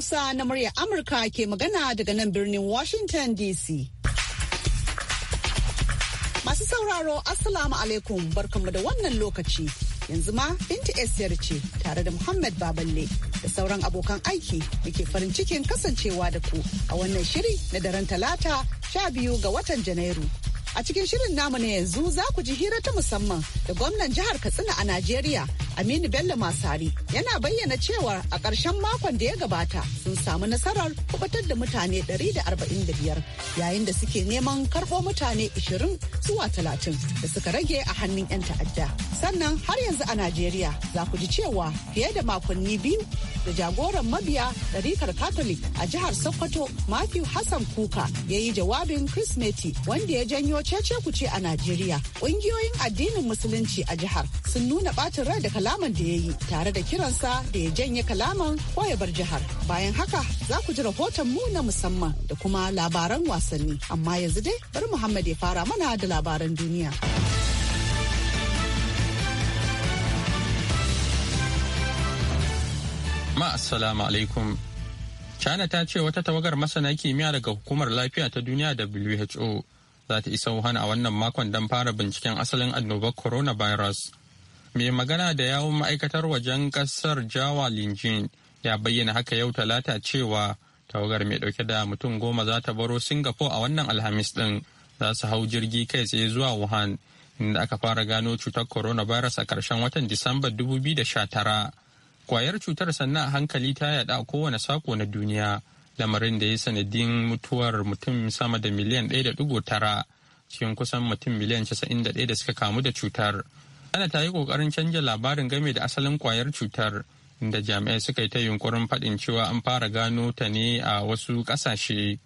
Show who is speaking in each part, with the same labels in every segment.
Speaker 1: Hausa na muryar Amurka ke magana daga nan birnin Washington DC. Masu sauraro Assalamu alaikum barkanmu da wannan lokaci. Yanzu ma Binta Esiyar ce tare da Muhammad Baballe da sauran abokan aiki da ke farin cikin kasancewa da ku a wannan shiri na daren talata sha biyu ga watan Janairu A cikin shirin namu na yanzu za ku ji hira ta musamman da gwamnan jihar Katsina a Najeriya Aminu Bello Masari yana bayyana cewa a ƙarshen makon da ya gabata sun samu nasarar kubatar da mutane 145 yayin da suke neman karɓo mutane 20 zuwa 30 da suka rage a hannun 'yan ta'adda. Sannan har yanzu a Najeriya za ku ji cewa fiye da makonni biyu da jagoran mabiya ɗarikar Catholic a jihar Sokoto Matthew Hassan Kuka ya yi jawabin Kirsimeti wanda ya janyo janyo ku ce a Najeriya. Ƙungiyoyin addinin musulunci a jihar sun nuna ɓacin rai da kalaman da ya yi tare da kiransa da ya janye kalaman ko ya bar jihar. Bayan haka za ku ji rahoton mu na musamman da kuma labaran wasanni. Amma yanzu dai bari Muhammad ya fara mana da labaran duniya.
Speaker 2: Ma assalamu alaikum. China ta ce wata tawagar masana kimiyya daga hukumar lafiya ta duniya WHO za ta isa Wuhan a wannan makon don fara binciken asalin annobar coronavirus. Mai magana da yawun ma'aikatar wajen kasar Jawa Linjin ya bayyana haka yau talata cewa tawagar mai ɗauke da mutum goma za ta baro Singapore a wannan Alhamis ɗin za su hau jirgi kai tsaye zuwa Wuhan inda aka fara gano cutar coronavirus a karshen watan Disamba 2019. Kwayar cutar sannan a hankali ta yada kowane sako na duniya. lamarin da ya sanadin mutuwar mutum sama da miliyan 1.9 cikin kusan mutum miliyan 91 da suka kamu da cutar. Ana ta yi kokarin canja labarin game da asalin kwayar cutar inda jami'ai suka yi ta yunkurin faɗin cewa an fara gano ta ne a wasu ƙasashe.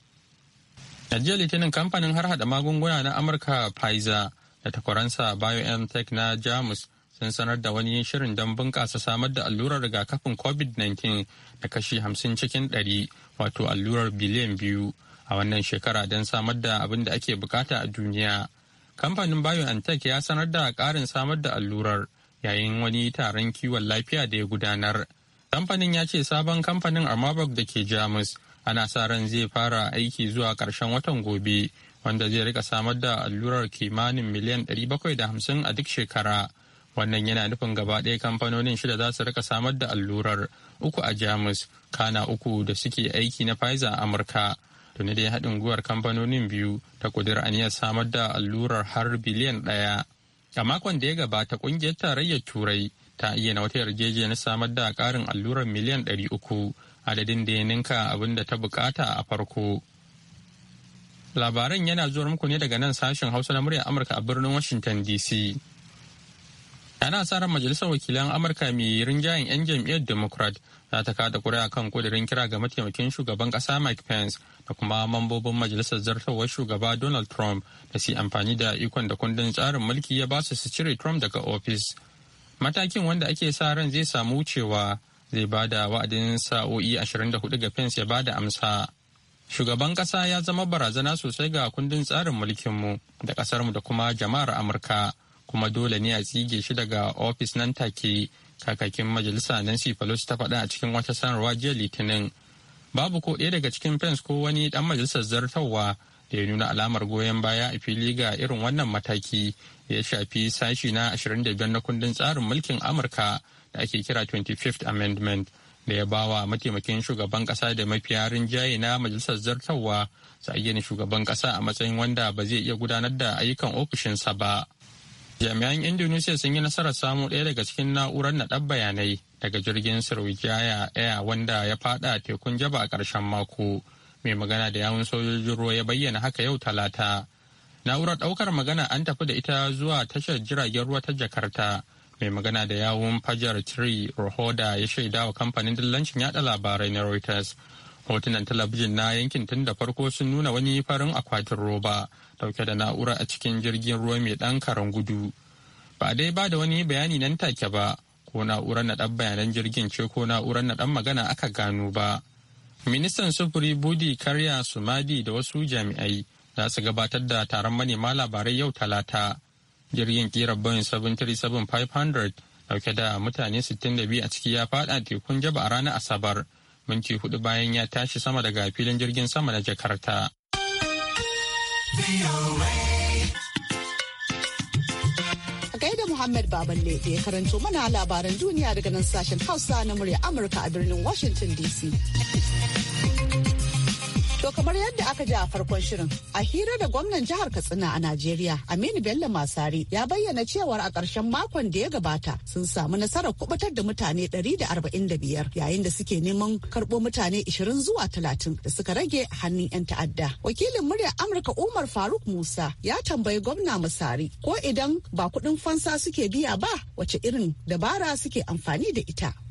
Speaker 2: A litinin kamfanin har hada magunguna na Amurka Pfizer da takwaransa BioNTech na Jamus sun sanar da wani shirin don bunƙasa samar da allurar rigakafin covid-19 da kashi 50 cikin 100 wato allurar biliyan biyu a wannan shekara don samar da abin da ake bukata a duniya kamfanin biontech ya sanar da ƙarin samar da allurar yayin wani taron kiwon lafiya da ya gudanar kamfanin ya ce sabon kamfanin amabok da ke jamus ana sa ran zai fara aiki zuwa karshen watan gobe wanda zai rika samar da allurar kimanin miliyan 750 a duk shekara wannan yana nufin gaba ɗaya kamfanonin shida za su rika samar da allurar uku a jamus kana uku da suke aiki na pfizer a amurka tuni dai haɗin guwar kamfanonin biyu ta kudur aniyar samar da allurar har biliyan ɗaya a makon da ya gabata ƙungiyar tarayyar turai ta iya na wata yarjejeniyar samar da ƙarin allurar miliyan ɗari uku adadin da ya ninka abin da ta bukata a farko labaran yana zuwa muku ne daga nan sashen hausa na murya amurka a birnin washington dc yana tsarin majalisar wakilan amurka mai rinjayen 'yan jam'iyyar democrat za ta kada kuri'a kan kudirin kira ga mataimakin shugaban kasa mike pence da kuma mambobin majalisar zartarwar shugaba donald trump da su amfani da ikon da kundin tsarin mulki ya ba su su cire trump daga ofis matakin wanda ake sa ran zai samu wucewa zai ba da wa'adin sa'o'i hudu ga pence ya ba da amsa shugaban kasa ya zama barazana sosai ga kundin tsarin mulkinmu da kasarmu da kuma jama'ar amurka kuma dole ne a tsige shi daga ofis nan take kakakin majalisa Nancy Pelosi ta faɗa a cikin wata sanarwa jiya Litinin. Babu ko ɗaya daga cikin fens ko wani ɗan majalisar zartarwa da ya nuna alamar goyon baya a fili ga irin wannan mataki ya shafi sashi na 25 na kundin tsarin mulkin Amurka da ake kira 25th Amendment da ya bawa mataimakin shugaban kasa da mafiya rinjaye na majalisar zartarwa sa shugaban kasa a matsayin wanda ba zai iya gudanar da ayyukan ofishinsa ba. jami'an indonesia sun yi nasarar samu ɗaya daga cikin na'urar naɗar bayanai daga jirgin sirwijaya air wanda ya fada tekun jaba a ƙarshen mako mai magana da yawun sojojin ruwa ya bayyana haka yau talata na'urar ɗaukar magana an tafi da ita zuwa tashar jiragen ruwa ta jakarta mai magana da yawun fajar tree rohoda ya shaidawa kamfanin dillancin yada labarai na reuters hotunan talabijin na yankin tun da farko sun nuna wani farin akwatin roba dauke da na'ura a cikin jirgin ruwa mai ɗan karan gudu ba dai ba da wani bayani nan take ba ko na'urar na dan bayanan jirgin ce ko na'urar na dan magana aka gano ba ministan sufuri budi karya sumadi da wasu jami'ai za su gabatar da taron manema labarai yau talata jirgin kira boeing 737-500 dauke da mutane 62 a ciki ya fada tekun jaba a ranar asabar minti hudu bayan ya tashi sama daga filin jirgin sama na jakarta
Speaker 1: gaida Muhammad Baballe da ya karanto mana labaran duniya daga nan sashen Hausa na murya Amurka a birnin Washington DC. To kamar yadda aka ji a farkon shirin, a hira da gwamnan jihar Katsina a Najeriya, Aminu Bello Masari ya bayyana cewar a ƙarshen makon da ya gabata sun samu nasarar kubutar da mutane 145 yayin da suke neman karɓo mutane 20 zuwa 30 da suka rage hannun 'yan ta'adda. Wakilin muryar Amurka Umar Faruk Musa ya tambayi gwamna Masari ko idan ba kuɗin fansa suke biya ba wace irin dabara suke amfani da ita.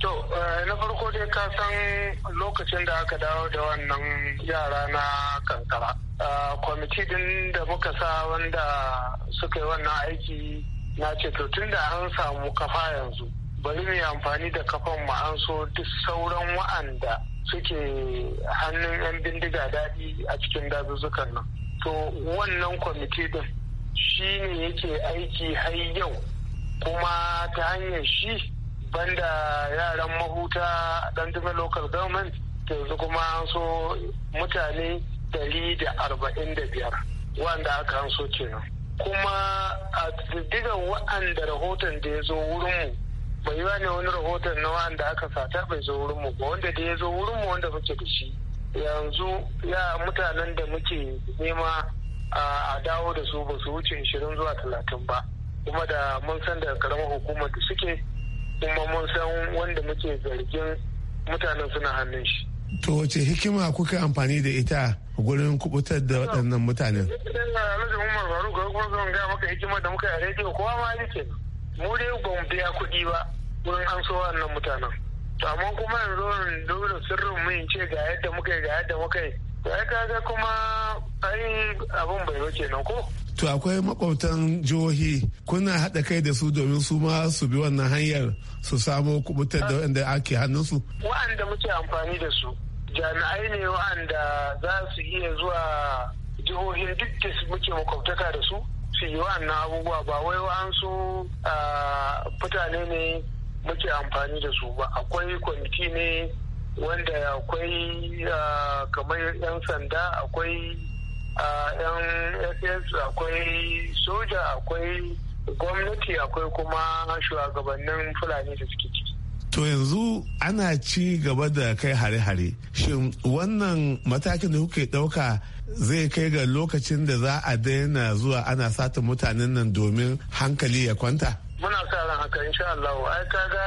Speaker 3: To, eh, na farko dai ka san lokacin da aka dawo da wannan yara na kankara. Eh, kwamiti din da muka sa wanda suka yi wannan aiki na ce to tun da an samu kafa yanzu bari mu amfani da kafan mu an so duk sauran wa'anda suke hannun 'yan bindiga daɗi a cikin dazuzzukan nan. To wannan kwamiti din shi ne yake aiki har yau kuma ta hanyar shi banda yaran mahuta dan dume local government yanzu kuma an so mutane dari da arba'in da biyar wanda aka an so kenan kuma a diddigan wa'anda rahoton da ya zo wurinmu bai ba ne wani rahoton na wa'anda aka sata bai zo wurinmu ba wanda da ya zo wurinmu wanda muke da shi yanzu ya mutanen da muke nema a dawo da su ba su wuce 20 zuwa 30 ba kuma da mun san da karamar hukumar da suke kuma mun san wanda muke zargin mutanen suna hannun shi
Speaker 4: to wace hikima kuka amfani da ita gurin kubutar da waɗannan mutanen hikima
Speaker 3: da muka a rediyo kowa ma yake mu dai ba mu biya kuɗi ba wurin an so wannan mutanen amma kuma yanzu dole sirrin mu ce ga yadda muka yi ga yadda muka yi ya kaga kuma ai abin bai ba kenan ko
Speaker 4: to akwai makwabtan jihohi kuna haɗa kai da su domin su ma su bi wannan hanyar su samo kubutar da wanda ake hannunsu
Speaker 3: wa'anda muke amfani da su jami'ai ne wa'anda za su iya zuwa jihohin duk da muke makwabtaka da su su yi wa'annan abubuwa ba wai wa'ansu mutane ne muke amfani da su ba akwai kwamiti ne wanda akwai kamar 'yan sanda akwai yan ss akwai soja akwai gwamnati akwai kuma shugabannin fulani da suke ciki
Speaker 4: To yanzu ana ci gaba da kai hare-hare. Shin wannan matakin da kuke ɗauka zai kai ga lokacin da za a daina zuwa ana sata mutanen nan domin hankali ya kwanta?
Speaker 3: Muna sa ran haka insha Allah. Ai kaga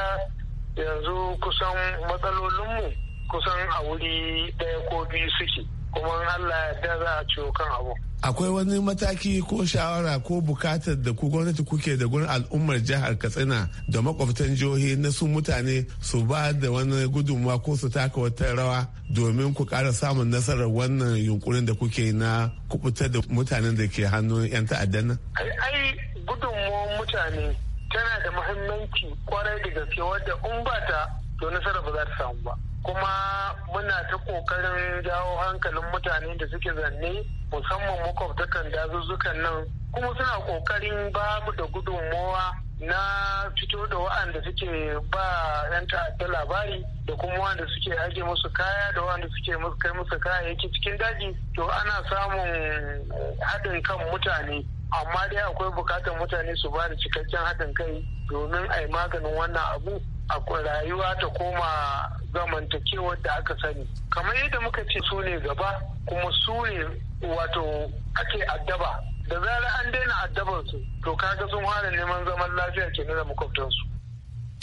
Speaker 3: yanzu kusan matsalolinmu kusan a wuri ɗaya ko biyu suke. kuma Allah ya za a ciwo kan abu.
Speaker 4: Akwai wani mataki ko shawara ko bukatar da ku gwamnati kuke da gurin al'ummar jihar Katsina da makwabtan jihohi na su mutane su ba da wani gudunmawa ko su taka wata rawa domin ku kara samun nasarar wannan yunkurin da kuke na kubutar da mutanen da ke hannun 'yan ta'adda nan?
Speaker 3: Ai gudunmawar mutane tana da muhimmanci kwarai da gaske wadda in ba ta to nasarar ba za ta samu ba. kuma muna ta kokarin jawo hankalin mutane da suke zanne musamman makwabtakan dazuzzukan nan kuma suna kokarin babu da gudunmowa na fito da wa'anda suke ba 'yan ta'adda labari da kuma wa'anda suke ajiye musu kaya da wa'anda suke kai musu kayayyaki cikin daji to ana samun haɗin kan mutane amma dai akwai bukatar mutane su ba da cikakken haɗin kai domin a yi maganin wannan abu akwai rayuwa ta koma zamantakewar da aka sani kamar yadda muka ce su ne gaba kuma su ne wato ake addaba da zarar an daina addabarsu, su to kaga sun fara neman zaman lafiya kenan da makwabtansu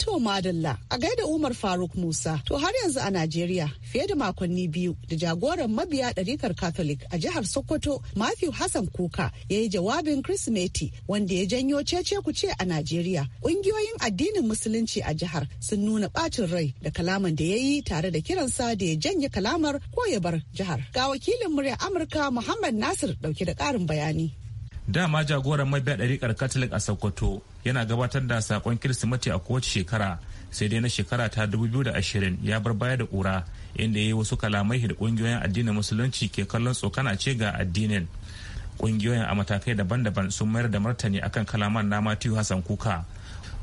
Speaker 1: To madalla a gaida Umar Faruk Musa to har yanzu a Najeriya fiye da makonni biyu da jagoran mabiya ɗarikar Catholic a jihar Sokoto Matthew Hassan Kuka ya yi jawabin Kirsimeti wanda ya janyo cece kuce a Najeriya. Ƙungiyoyin addinin Musulunci a jihar sun nuna ɓacin rai da kalaman da ya yi tare da kiransa da ya janye kalamar ko ya bar jihar. Ga wakilin murya Amurka Muhammad Nasir ɗauke da ƙarin bayani.
Speaker 5: Dama jagoran mabiya ɗarikar Catholic a Sokoto yana gabatar da sakon kirsimati a kowace shekara sai dai na shekara ta 2020 ya bar baya da kura inda ya yi wasu kalamai da kungiyoyin addinin musulunci ke kallon tsokana ce ga addinin kungiyoyin a matakai daban-daban sun mayar da martani akan kalaman na matiyu hassan kuka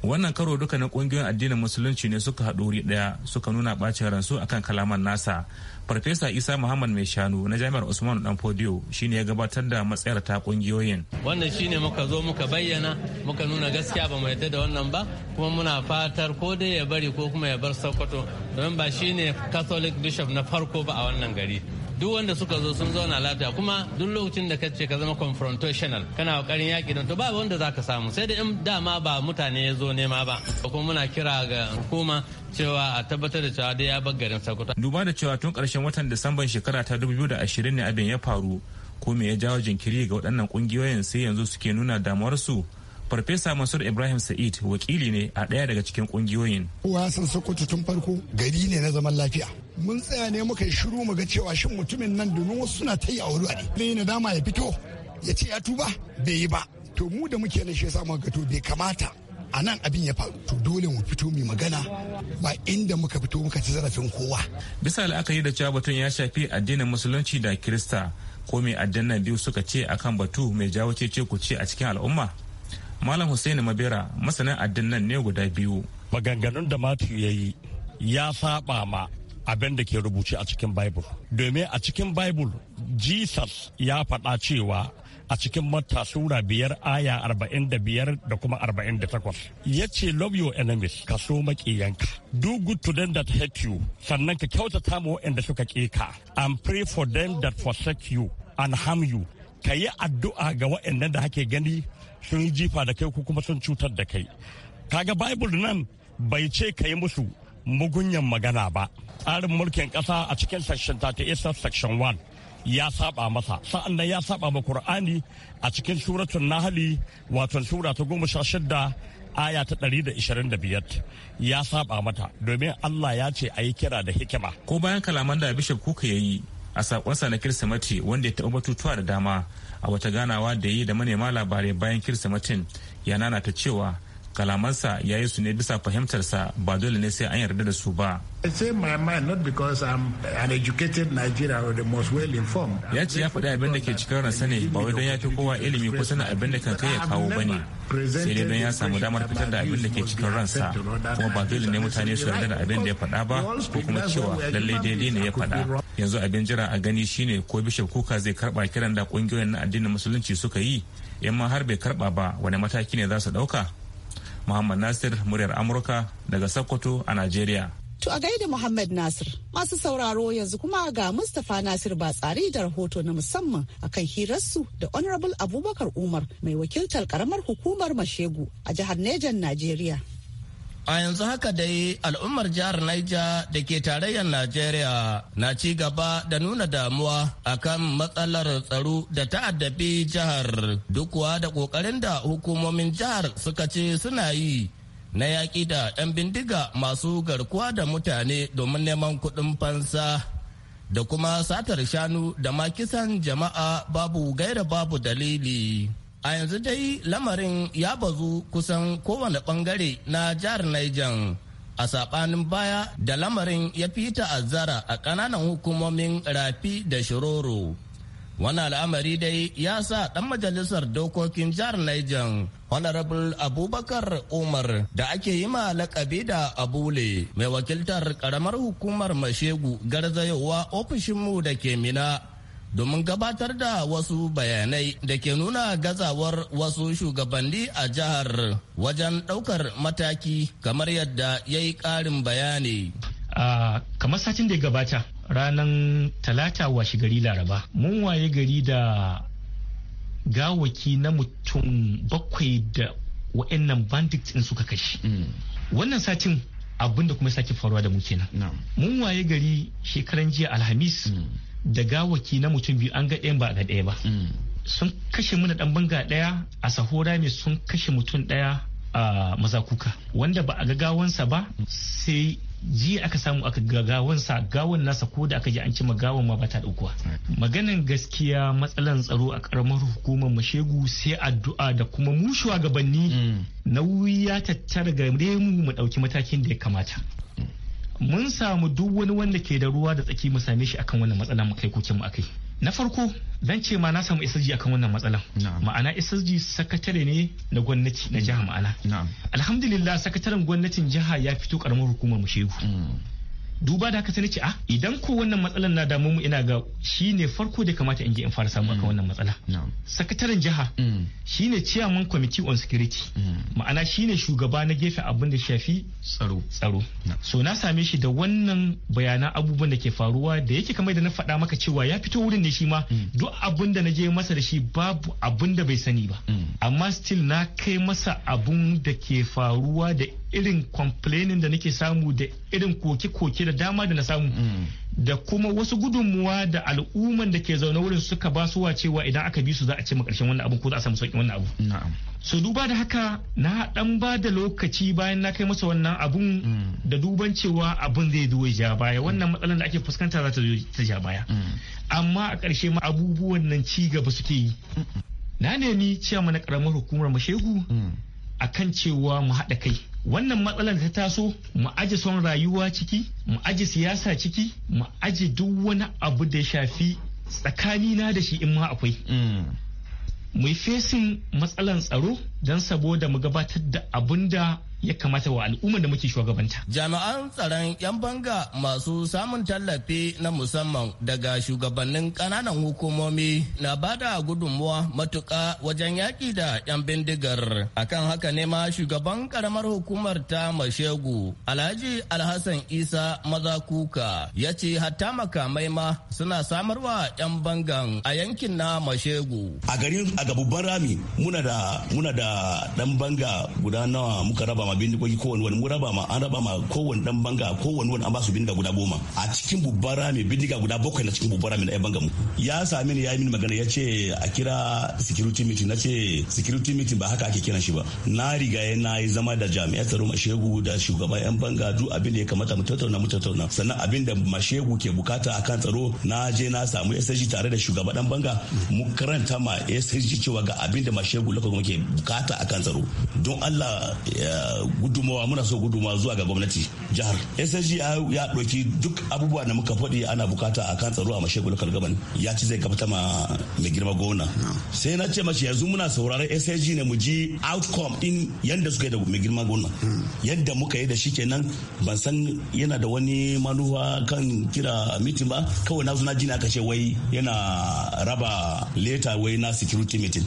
Speaker 5: wannan karo duka na kungiyoyin addinin musulunci ne suka haɗu wuri ɗaya suka nuna ɓacin ransu akan kalaman nasa farfesa isa muhammad mai shanu na jami'ar usman dan fodiyo shine ya gabatar da matsayar ta kungiyoyin
Speaker 2: wannan shine muka zo muka bayyana muka nuna gaskiya ba mu yadda da wannan ba kuma muna fatar ko dai ya bari ko kuma ya bar sokoto domin ba shine catholic bishop na farko ba a wannan gari duk wanda suka zo sun zauna lafiya kuma duk lokacin da ka ce ka zama confrontational kana kokarin yaki don to ba wanda zaka samu sai da in dama ba mutane ya zo nema ba kuma muna kira ga hukuma cewa a tabbatar da cewa dai ya bar
Speaker 5: garin Sokoto duba da cewa tun karshen watan Disamban shekara ta 2020 ne abin ya faru ko me ya jawo jinkiri ga waɗannan kungiyoyin sai yanzu suke nuna damuwarsu farfesa mansur ibrahim sa'id wakili ne a ɗaya daga cikin ƙungiyoyin
Speaker 6: kowa san sokoto tun farko gari ne na zaman lafiya mun tsaya ne muka yi shiru muga cewa shin mutumin nan domin wasu suna ta yi a wuri ne na dama ya fito ya ce ya tuba bai yi ba to mu da muke na shi yasa gato to bai kamata a nan abin ya faru to dole mu fito mu magana ba inda muka fito muka ci zarafin kowa
Speaker 5: bisa la'akari da cewa batun ya shafi addinin musulunci da kirista ko mai addinan biyu suka ce akan batu mai jawo ce ku ce a cikin al'umma malam hussein mabera
Speaker 6: masanin addinan ne guda biyu maganganun da matthew ya yi ya saba ma abin da ke rubuce a cikin bible domin a cikin bible jesus ya faɗa cewa a cikin matta sura biyar aya arba'in da biyar da kuma arba'in da takwas ya ce love your enemies ka so maƙiyanka do good to them that hate you sannan ka kyautata ma waɗanda suka ƙi ka and pray for them that forsake you and harm you ka yi addu'a ga waɗannan da hake gani sun jifa da kai ko kuma sun cutar da kai kaga bible nan bai ce ka yi musu mugunyan magana ba tsarin mulkin ƙasa a cikin section 38 section 1 ya saba masa sa'an nan ya saba ma qur'ani a cikin suratun nahali wato sura ta goma sha shidda aya ta ɗari da ishirin da biyar ya saba mata domin allah ya ce a yi kira da
Speaker 5: hikima ko bayan kalaman da bishop kuka yayi a sakonsa na kirsimati wanda ya taɓa batutuwa da dama a wata ganawa da yi da manema labarai bayan kirsimatin ya ta cewa kalamansa ya yi su ne bisa fahimtarsa ba dole ne sai an yarda da su ba. Ya ce ya faɗi abin da ke cikin ransa ne ba wai don ya fi kowa ilimi ko sanin abin da kan kai ya kawo ba ne.
Speaker 7: Sai dai don ya samu
Speaker 5: damar fitar da abin da ke cikin ransa kuma ba dole ne mutane su yarda da abin da ya faɗa ba ko kuma cewa lallai daidai ne ya faɗa. Yanzu abin jira a gani shine ko Bishop Kuka zai karɓa kiran da ƙungiyoyin na addinin musulunci suka yi. yamma har bai karɓa ba wani mataki ne za su ɗauka Muhammad Nasir muryar Amurka daga Sokoto a Najeriya.
Speaker 1: To a gaida Muhammad Nasir masu sauraro yanzu kuma ga Mustapha Nasir ba tsari da rahoto na musamman akan hirarsu da Honorable Abubakar Umar mai wakiltar karamar hukumar Mashegu a jihar Nejan Najeriya.
Speaker 8: A yanzu haka dai al'ummar jihar Niger da ke tarayyar Najeriya na ci gaba da nuna damuwa akan matsalar tsaro da ta'addabi jihar kuwa da ƙoƙarin da hukumomin jihar suka ce suna yi na yaƙi da 'yan bindiga masu garkuwa da mutane domin neman kuɗin fansa da kuma satar shanu da makisan jama'a babu gaira babu dalili. a yanzu dai lamarin ya bazu kusan kowane bangare na jihar Niger. a saɓanin baya da lamarin ya a ta'azzara a ƙananan hukumomin rafi da shiroro wani al'amari dai ya sa ɗan majalisar dokokin jihar Niger Honorable Abubakar Umar da ake yi ma lakabi da Abule mai wakiltar ƙaramar hukumar Mashegu garzayowa ofishinmu da ke Mina domin gabatar da wasu bayanai da ke nuna gazawar wasu shugabanni a jihar wajen ɗaukar mataki kamar yadda ya yi ƙarin bayani. a kamar
Speaker 9: satin da ya gabata ranar talata washe gari laraba mun waye gari da gawaki na mutum bakwai da wa'annan bandits in suka kashe mm. wannan satin abinda kuma sake faruwa da mu kenan mun waye gari shekaran jiya alhamis mm. da gawaki na mutum biyu an ga ɗaya ba ga ɗaya ba sun kashe mana ɗan banga ɗaya a sahora ne sun kashe mutum ɗaya a mazakuka wanda ba a ga gawansa ba sai ji aka samu aka ga gawansa gawan nasa ko da aka ji an cima gawan ma ba ta daukuwa hmm. maganin gaskiya matsalan tsaro a karamar hukumar mashegu sai addu'a da kuma mushuwa gabanni. Hmm. nauyi ya tattara ga mu mu ɗauki matakin da ya kamata mun samu duk wani wanda ke da ruwa da tsaki mu same shi akan wannan matsala mu kai kokin mu akai na farko zan ce ma na samu SSG akan wannan matsalan ma'ana SSG sakatare ne na gwamnati na jiha ma'ana alhamdulillah sakataren gwamnatin jiha ya fito karamar hukumar mu shegu mm. duba da haka sai ce a ah, idan ko wannan matsalar na damu mu ina ga shi ne farko da kamata in je in fara samu mm. wannan matsala sakataren jiha mm. shine chairman committee on security mm. ma'ana shine shugaba na gefe abin da shafi tsaro tsaro so na same shi da wannan bayanan abubuwan da ke faruwa da yake kamar da na faɗa maka cewa ya fito wurin ne shi ma duk abin da na je masa da shi babu abin da bai sani ba amma still na kai masa abun da ke faruwa da irin complaining da nake samu da irin koke-koke da dama da na samu da kuma wasu gudunmuwa da al'umman da ke zaune wurin suka ba su cewa idan aka bi su za a ce karshen wannan abu ko za a samu sauƙin wannan abu so duba da haka na dan ba da lokaci bayan na kai masa wannan abun mm. da duban cewa abun zai zo ja baya wannan matsalar da ake fuskanta za ta zo ta baya mm. amma a ƙarshe ma abubuwan nan ci gaba suke yi na nemi ciyama na karamar hukumar mashegu mm. akan cewa mu haɗa kai wannan matsalar ta taso mu aji son rayuwa ciki mu aji siyasa ciki mu aji duk wani abu da shafi tsakanina da shi in ma akwai mm. mu fesin matsalan tsaro don saboda mu gabatar da abun da ya kamata wa al'ummar da muke shugabanta. Jami'an tsaron 'yan banga masu
Speaker 8: samun tallafi na musamman daga shugabannin ƙananan hukumomi na bada gudunmuwa matuƙa wajen yaƙi da 'yan bindigar. Akan haka ne ma shugaban ƙaramar hukumar ta Mashegu Alhaji Alhassan Isa Maza Kuka ya ce hatta makamai ma suna samarwa 'yan bangan a yankin na Mashegu.
Speaker 6: A garin a gabubban rami muna da muna da ɗan banga guda nawa muka raba ma bindigogi kowane wani mun raba ma an raba ma kowane dan banga kowane wani an ba su bindiga guda goma a cikin bubban rami bindiga guda bakwai na cikin bubban rami na banga mu ya sami ni ya yi mini magana ya ce a kira security meeting na ce security meeting ba haka ake kiran shi ba na riga na yi zama da jami'an tsaro mashegu da shugaban yan banga duk abin da ya kamata mu tattauna mu tattauna sannan abin da mashegu ke bukata akan tsaro na je na samu SSG tare da shugaba dan banga mu karanta ma SSG cewa ga abin da mashegu lokacin ke bukata akan tsaro don Allah gudumawa muna so gudumawa zuwa ga gwamnati jihar ssg ya ɗauki duk abubuwa da muka faɗi ana bukata a kan tsaro a mashegul kalgaban ya ci zai ma mai girma gona sai na ce mashi yanzu muna sauraron ssg ne mu ji outcome in yadda suka yi da mai girma gona yadda muka yi da shi kenan ban san yana da wani manufa kan kira mitin ba kawai na zuna jini aka ce wai yana raba leta wai na security meeting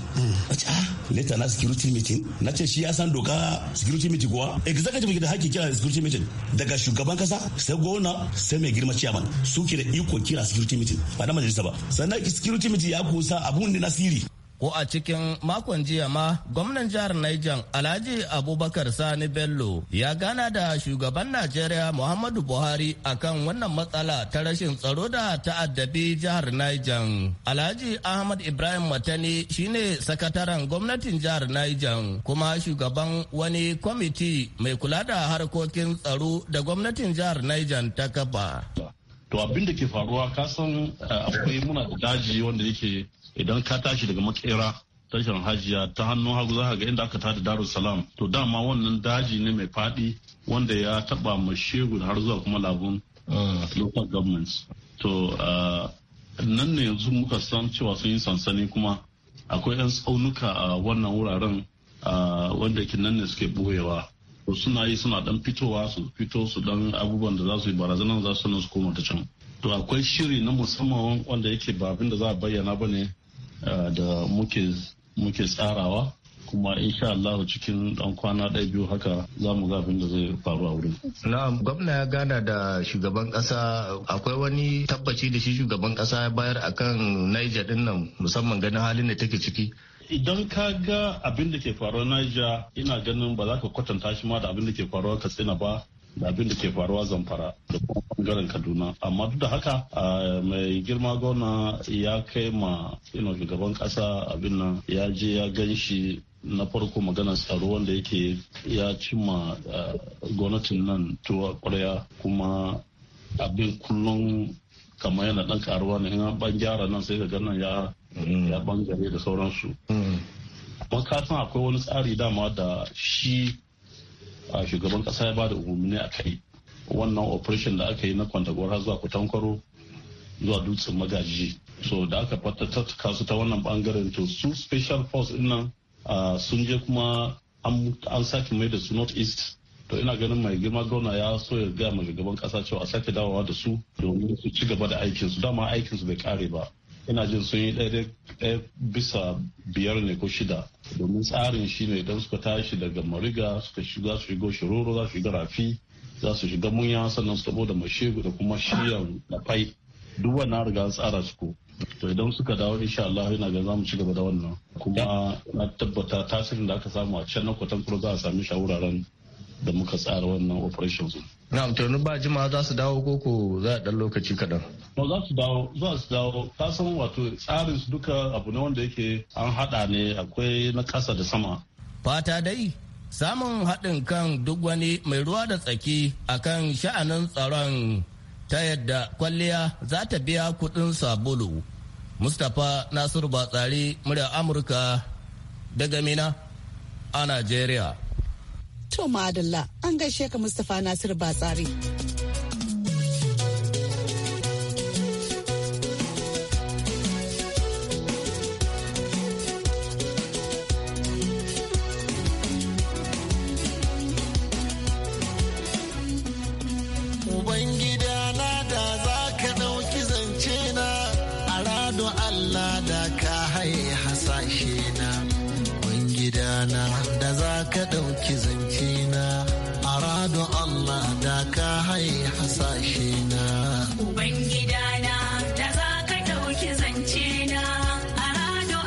Speaker 6: ah, leta na security meeting na ce shi ya san doka security meeting committee kuwa executive da kira security meeting daga shugaban kasa sai gwamna sai mai girma chairman ke da iko kira security meeting ba na majalisa ba sannan security meeting ya kusa abun ne na siri. ko a cikin makon jiya ma gwamnan jihar Niger Alhaji Abubakar
Speaker 8: Sani Bello ya gana da shugaban Najeriya Muhammadu Buhari akan wannan matsala ta rashin tsaro da ta'addabi jihar Niger. Alhaji Ahmad Ibrahim Matani shine sakataren gwamnatin jihar Niger kuma shugaban wani kwamiti mai kula da harkokin tsaro da gwamnatin jihar Niger ta kaba.
Speaker 10: To abin da ke faruwa kasan eh, akwai muna da daji wanda yake idan ka tashi daga makera tashar hajiya ta hannu hagu za ga inda aka tada salam to dama wannan daji ne mai faɗi wanda ya taɓa shegu har zuwa kuma labun ah. local governments to ah, nan ne yanzu muka san cewa sun yi sansani kuma akwai 'yan tsaunuka a wannan wuraren ah, wanda ke nan ne suke boyewa to suna yi suna dan fitowa su fito su dan abubuwan da za su yi barazanar za su nan su koma ta can to akwai shiri na musamman wanda yake ba abin da za a bayyana ba ne Eh, da muke tsarawa kuma insha Allah cikin dan kwana ɗaya biyu haka za mu abin da zai faru a wurin.
Speaker 8: Na'am gwamna ya gana da shugaban ƙasa akwai wani tabbaci da shi shugaban kasa ya bayar akan Niger din nan musamman ganin halin da take ciki. Idan
Speaker 10: ka ga abin da ke faruwa Niger ina ganin ba za ka kwatanta shi ma da abin da ke faruwa Katsina ba da abin da ke faruwa zamfara da kuma bangaren kaduna amma duk da haka mai girma gona ya kai ma ino shugaban kasa abin nan ya je ya gan shi na farko magana tsaro wanda yake ya cimma gwamnatin nan tuwa kwarya kuma abin kullum kamar yana dan karuwa ne in ban gyara nan sai ga nan ya mm. ya bangare da sauransu. Kuma mm. akwai wani tsari dama da shi shugaban kasa ya bada umarni a kai wannan operation da aka yi na kwantagwar har zuwa kutankwaro zuwa dutsen magaji so da aka fatattaka su ta wannan bangaren to su special force din nan sun je kuma an sake mai da su north east to ina ganin mai girma gona ya so ya gaya ma gaban kasa cewa a sake dawowa da su domin su ci gaba da aikinsu dama aikinsu bai kare ba ina jin sun yi ɗaya bisa biyar ne ko shida domin tsarin shi ne idan suka tashi daga mariga suka shiga su shigo shiroro za su shiga rafi za su shiga munya sannan su tabo da mashegu da kuma shiyan na duk wannan riga tsara su to idan suka dawo insha Allah yana ga zamu ci gaba da wannan kuma na tabbata tasirin da aka samu a can na kwatan za a sami shi da muka tsara wannan operations
Speaker 8: na'am to ba jima za su dawo koko za a
Speaker 10: dan lokaci kaɗan ba za su dawo za su dawo ka san wato tsarin su duka abu ne wanda yake an haɗa ne akwai na ƙasa da sama
Speaker 8: fata dai samun haɗin kan duk wani mai ruwa da tsaki a kan sha'anin tsaron ta yadda kwalliya za ta biya kuɗin sabulu mustapha nasiru batsari murya amurka daga mina a najeriya
Speaker 1: To ma'adalla an gaishe ka Mustapha Nasiru Batsari.
Speaker 11: ka ɗauki zance na a rado Allah da ka hai hasashe na.
Speaker 1: Ubangida da za ka ɗauki zance na a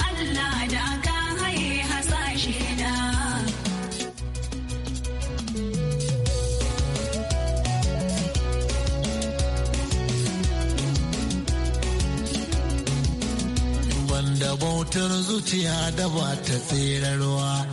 Speaker 1: Allah da ka hai hasashe na.
Speaker 11: Banda bautar zuciya da ba ta tsirarwa.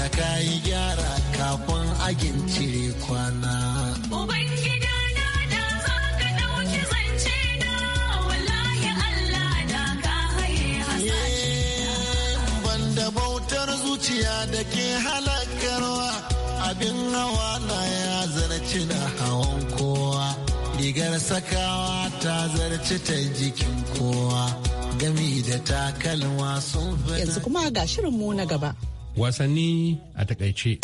Speaker 11: da ka yi gyara kafin agin cire kwana.
Speaker 1: Ubangida da eh,
Speaker 11: Banda bautar zuciya da ke halakarwa abin hawa na ya zarci na hawan kowa. Rigar sakawa ta zarci ta jikin kowa. Gami da takalma sun Yanzu kuma
Speaker 1: ga shirinmu na gaba.
Speaker 2: wasanni a takaice.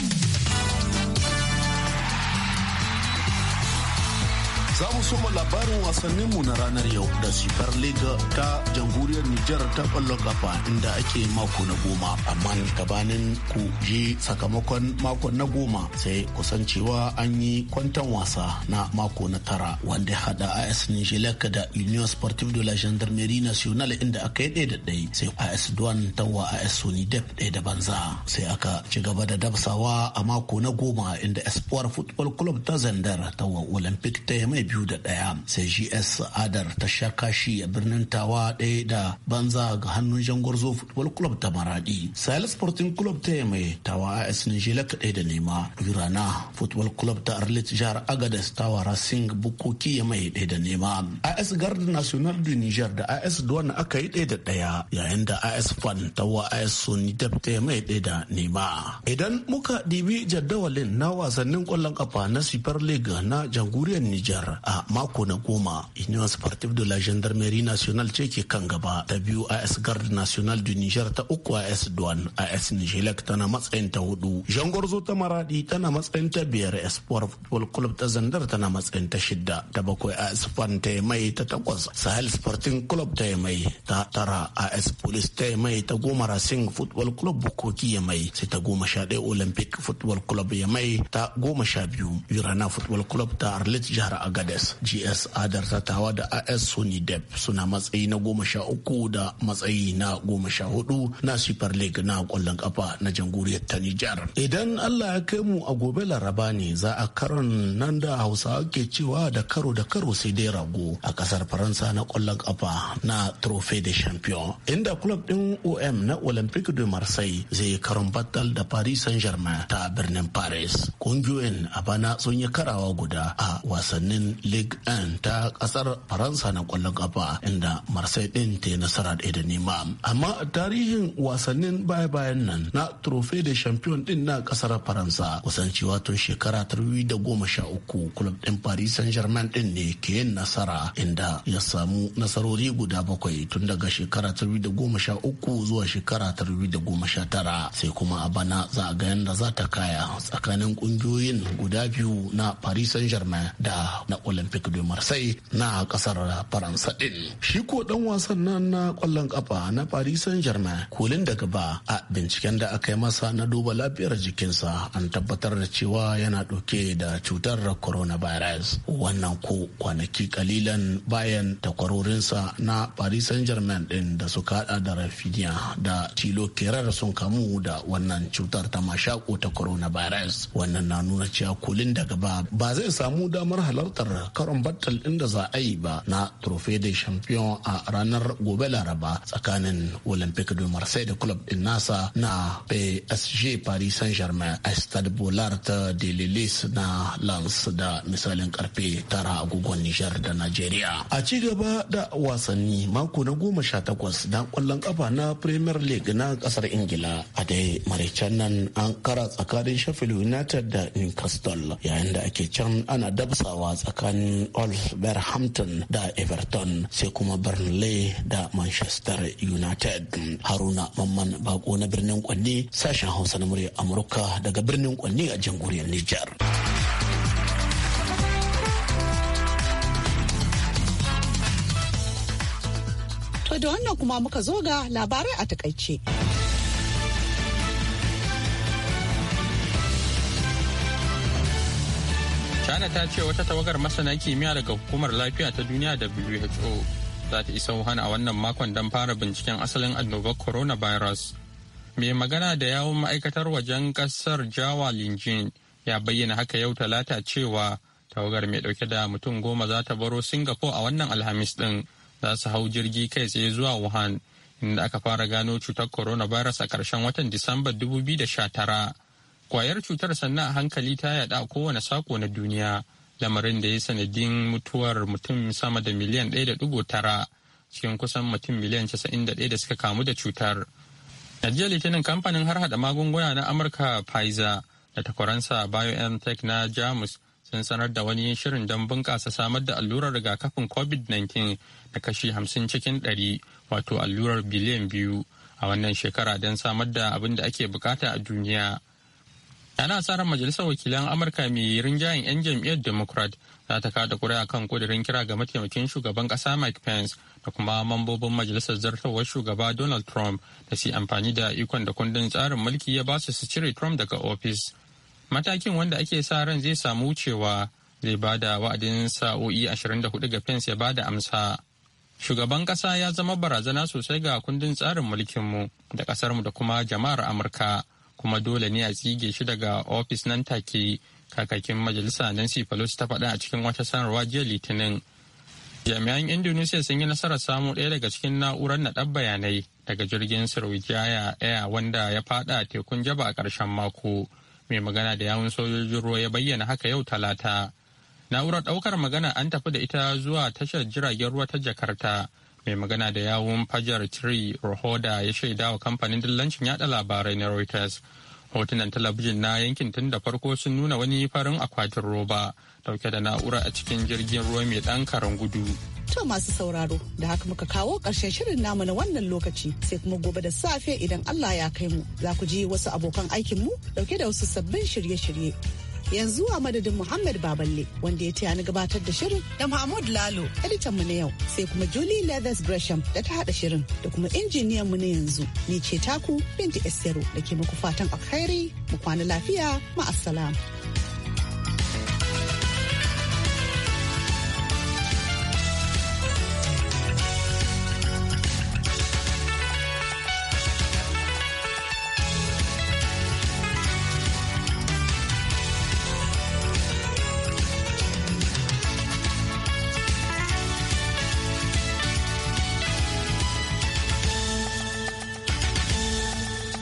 Speaker 7: Za mu soma labarin wasanninmu na ranar yau da Super League ta jamhuriyar Nijar ta kwallon kafa inda ake mako na goma. Amma gabanin ku ji sakamakon mako na goma sai kusancewa an yi kwantan wasa na mako na tara wanda hada AS Nijilek da Union Sportive de la Gendarmerie Nationale inda aka yi ɗaya da ɗaya sai AS duwan tawa AS Sony ɗaya da banza sai aka ci gaba da dabsawa a mako na goma inda Espoir Football Club ta Zandar tawa Olympic ta mai biyu da ɗaya sai shi s adar ta sha kashi a birnin tawa ɗaya da banza ga hannun jangwarzo football club ta maradi sahel sporting club ta mai tawa as nijela kaɗai da nema rana football club ta arlit jihar agades Tawa wara bukoki ya mai ɗaya da nema as gard national de niger da as duwan aka yi ɗaya da ɗaya yayin da as fan ta wa as soni dab ta mai ɗaya da nema idan muka dibi jadawalin na wasannin ƙwallon ƙafa na super league na jamhuriyar niger a mako na goma union sportive de la gendarmerie nationale ce ke kan gaba ta biyu as garde national du niger ta uku as duan as nigelec tana matsayin ta hudu jangorzo ta maradi tana matsayin ta biyar sport football club ta zandar tana matsayin ta shida ta bakwai as fan ta mai ta takwas sahel sporting club ta mai ta tara as police ta mai ta goma racing football club bukoki ya mai sai ta goma sha ɗaya olympic football club ya mai ta goma sha biyu urana football club ta arlit jihar agad Bangladesh, gs adar Tattawa da as sony dep suna matsayi na goma sha uku da matsayi na goma sha hudu na super league na kwallon kafa na jamhuriyar ta nijar idan allah ya kai mu a gobe laraba ne za a karon nan da hausawa ke cewa da karo da karo sai dai rago a kasar faransa na kwallon kafa na trophy de champion inda club din om na olympique de marseille zai karon battle da paris saint-germain ta birnin paris kungiyoyin a bana sun yi karawa guda a wasannin league Ligue 1 ta kasar Faransa na kwallon kafa inda Marseille din ta yi nasara ɗaya da nema. Amma tarihin wasannin baya-bayan nan na Trophée de Champion din na kasar Faransa kusancewa tun shekara ta da goma sha uku club din Paris Saint-Germain din ne ke yin nasara inda ya samu nasarori guda bakwai tun daga shekara ta da goma sha uku zuwa shekara ta da goma sha tara sai kuma a bana za a ga yadda za ta kaya tsakanin kungiyoyin guda biyu na Paris Saint-Germain da na olympic de marseille na kasar faransa din shi ko dan wasan nan na kwallon kafa na paris saint germain kulin da gaba a binciken da aka yi masa na duba lafiyar jikinsa an tabbatar da cewa yana dauke da cutar coronavirus wannan ko kwanaki kalilan bayan takwarorinsa na paris saint germain din da suka hada da rafinha da tilo kerar sun kamu da wannan cutar ta mashako ta coronavirus wannan na nuna cewa kulin da gaba ba zai samu damar halartar karon battle ɗin da za a yi ba na Trophée de Champion a ranar gobe Laraba tsakanin Olympique de Marseille da club ɗin nasa na PSG Paris Saint-Germain a Stade Bolart de Lilis na Lens da misalin karfe tara agogon Nijar da Nigeria. A ci gaba da wasanni mako na goma sha takwas da kwallon kafa na Premier League na kasar Ingila a dai can nan an kara tsakanin Sheffield United da Newcastle yayin da ake can ana dabsawa tsakanin tsakanin Wolves Berhampton da Everton sai kuma Burnley da Manchester United. Haruna Mamman Bako na birnin Kwanne sashen Hausa na murya Amurka daga birnin Kwanne a jamhuriyar Nijar.
Speaker 1: To da wannan kuma muka zo ga labarai a takaice.
Speaker 2: Ghana ta ce wata tawagar masana kimiyya daga hukumar lafiya ta duniya WHO za ta isa Wuhan a wannan makon don fara binciken asalin annobar coronavirus. Mai magana da yawon ma'aikatar wajen kasar Jawa Linjin ya bayyana haka yau talata cewa tawagar mai dauke da mutum goma za ta baro Singapore a wannan Alhamis din za su hau jirgi kai tsaye zuwa Wuhan inda aka fara gano cutar coronavirus a karshen watan Disamba 2019. Kwayar cutar sannan a hankali ta yada a kowane sako na duniya, lamarin da ya sanadin mutuwar mutum sama da miliyan ɗaya da 1.9 cikin kusan mutum miliyan 91 da suka kamu da cutar. A litinin kamfanin har hada magunguna na Amurka Pfizer da takwaransa BioNTech na Jamus sun sanar da wani shirin don bunkasa samar da allurar rigakafin COVID-19 da kashi 50 cikin 100 wato allurar biliyan biyu a wannan shekara don samar da abin da ake bukata a duniya. ana sa ran majalisar wakilan amurka mai rinjayen 'yan jam'iyyar democrat za ta kada kuri'a kan kudirin kira ga mataimakin shugaban kasa mike pence da kuma mambobin majalisar zartarwar shugaba donald trump da su amfani da ikon da kundin tsarin mulki ya ba su su cire trump daga ofis matakin wanda ake sa ran zai samu wucewa zai ba da wa'adin sa'o'i hudu ga pence ya ba da amsa shugaban kasa ya zama barazana sosai ga kundin tsarin mulkinmu da kasarmu da kuma jama'ar amurka kuma dole ne a tsige shi daga ofis nan take kakakin majalisa Nancy Pelosi ta faɗa a cikin wata sanarwa jiya Litinin. Jami'an Indonesia sun yi nasarar samu ɗaya daga cikin na'urar naɗar bayanai daga jirgin sirwijaya Air wanda ya faɗa tekun Jaba a ƙarshen mako. Mai magana da yawun sojojin ruwa ya bayyana haka yau Talata. Na'urar ɗaukar magana an tafi da ita zuwa tashar jiragen ruwa ta Jakarta mai magana da yawun fajar tree rohoda ya shaida wa kamfanin dillancin yada labarai na reuters hotunan talabijin na yankin tun da farko sun nuna wani farin akwatin roba dauke da na'ura a cikin jirgin ruwa mai dan karan gudu
Speaker 1: to masu sauraro da haka muka kawo ƙarshen shirin namu na wannan lokaci sai kuma gobe da safe idan allah ya kai mu za ku ji wasu abokan aikin mu dauke da wasu sabbin shirye-shirye yanzu a madadin Muhammad Baballe wanda ya taya ni gabatar da shirin da Mahmud Lalo editan mu na yau sai kuma Julie Leathers Gresham da ta hada shirin da kuma injiniyan mu na yanzu ni ce taku Binti estero da ke muku fatan alkhairi mu kwana lafiya ma'assalam.